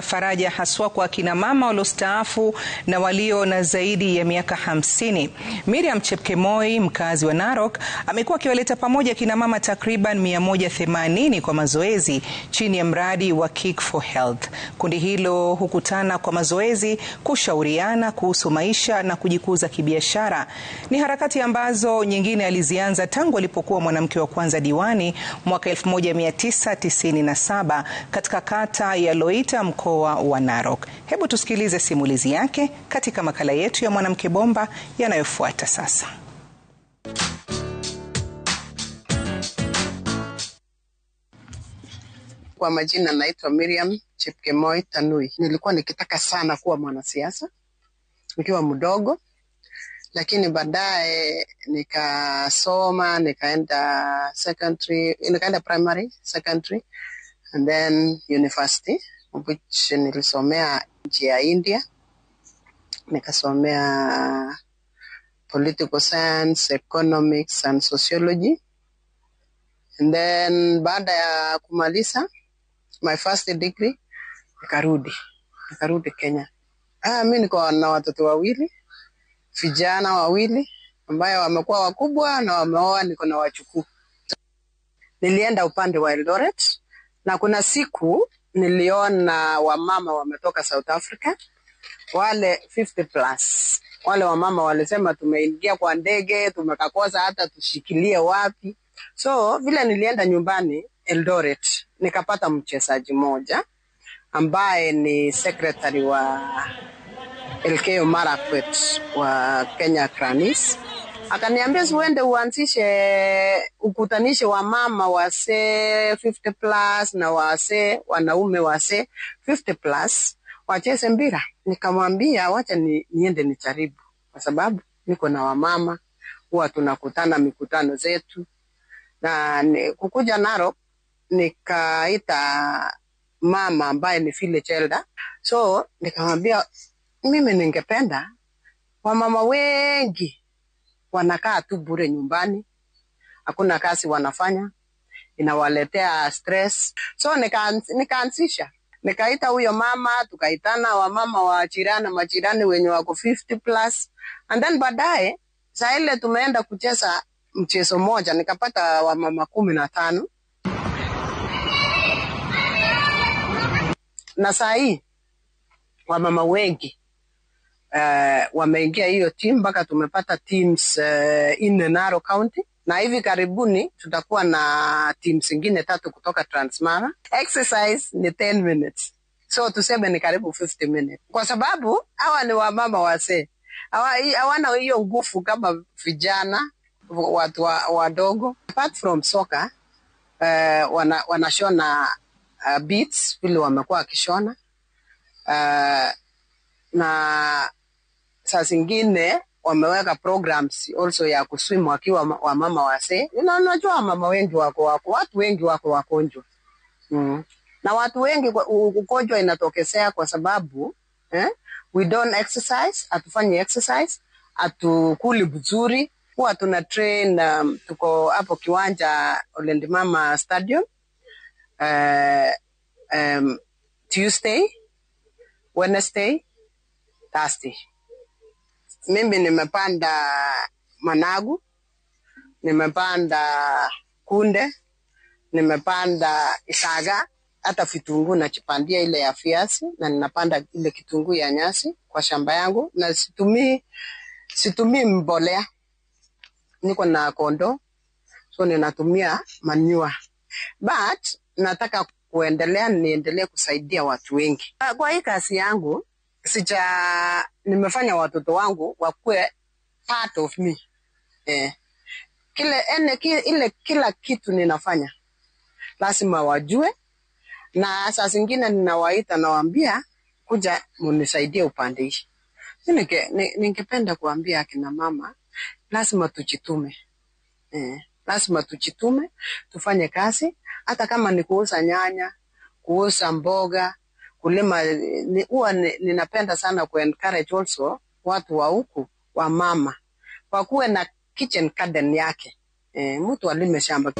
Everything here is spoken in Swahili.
Faraja haswa kwa kina mama waliostaafu na walio na zaidi ya miaka hamsini. Miriam Chepkemoi, mkazi wa Narok, amekuwa akiwaleta pamoja kina mama takriban 180 kwa mazoezi chini ya mradi wa Kick for Health. Kundi hilo hukutana kwa mazoezi, kushauriana kuhusu maisha na kujikuza kibiashara. Ni harakati ambazo nyingine alizianza tangu alipokuwa mwanamke wa kwanza diwani mwaka 1997 katika kata ya Loita mkoa wa Narok. Hebu tusikilize simulizi yake katika makala yetu ya Mwanamke Bomba yanayofuata sasa. Kwa majina naitwa Miriam Chepkemoi Tanui. Nilikuwa nikitaka sana kuwa mwanasiasa nikiwa mdogo, lakini baadaye nikasoma, nikaenda secondary, nikaenda primary, secondary and then university which nilisomea nchi ya India, nikasomea political science, economics and sociology. And then baada ya kumaliza my first degree nikarudi nikarudi Kenya. Ah, mi niko na watoto wawili vijana wawili ambayo wamekuwa wakubwa na wameoa, niko na wachukuu. Nilienda upande wa Eldoret na kuna siku niliona wamama wametoka South Africa wale 50 plus wale wamama walisema tumeingia kwa ndege, tumekakosa hata tushikilie wapi. So vile nilienda nyumbani Eldoret, nikapata mchezaji mmoja ambaye ni secretary wa Elgeyo Marakwet wa Kenya Cranes, akaniambia siuende uanzishe ukutanishe wamama wasee 50 plus na wasee wanaume wasee 50 plus wacheze mpira. Nikamwambia wacha ni, niende nijaribu, kwa sababu niko na wamama huwa tunakutana mikutano zetu na ni, kukuja naro nikaita mama ambaye ni file elder, so nikamwambia mimi ningependa wamama wengi wanakaa tu bure nyumbani, hakuna kazi wanafanya, inawaletea stress. So nikaanzisha nikaita huyo mama, tukaitana wamama wa jirani majirani wenye wako 50 plus, and then baadaye saa ile tumeenda kucheza mchezo moja, nikapata wamama kumi na tano na saa hii wamama wengi uh, wameingia hiyo team mpaka tumepata teams uh, eh, in Narok County na hivi karibuni tutakuwa na teams zingine tatu kutoka Transmara. Exercise ni 10 minutes, so tuseme ni karibu 50 minutes, kwa sababu hawa ni wamama wazee, hawana hiyo nguvu kama vijana watu wadogo wa apart from soka uh, eh, wana, wanashona uh, beats vile wamekuwa wakishona uh, na saa zingine wameweka programs also ya kuswim wakiwa wamama wasee. Unajua wamama wengi wako wako watu wengi wako wakonjwa mm. na watu wengi ugonjwa inatokezea kwa sababu eh, we don't exercise, hatufanyi exercise, hatukuli vizuri. Huwa tuna train um, tuko hapo kiwanja olendimama Mama Stadium uh, um, Tuesday, Wednesday, Thursday mimi nimepanda managu, nimepanda kunde, nimepanda isaga, hata vitunguu nachipandia ile ya viazi, na ninapanda ile kitunguu ya nyasi kwa shamba yangu, na situmii situmii mbolea, niko na kondo, so ninatumia manyua but nataka kuendelea niendelee kusaidia watu wengi kwa hii kazi yangu sija nimefanya watoto wangu wakuwe part of me eh. Kile, ene, ile kila kitu ninafanya lazima wajue, na saa zingine ninawaita nawaambia kuja munisaidie upande hii. Ningependa kuambia akina mama lazima tujitume eh, lazima tujitume tufanye kazi, hata kama ni kuuza nyanya, kuuza mboga kulima huwa ni, ninapenda sana ku encourage also watu wa huku wa mama wakuwe na kitchen garden yake. E, mtu alime shamba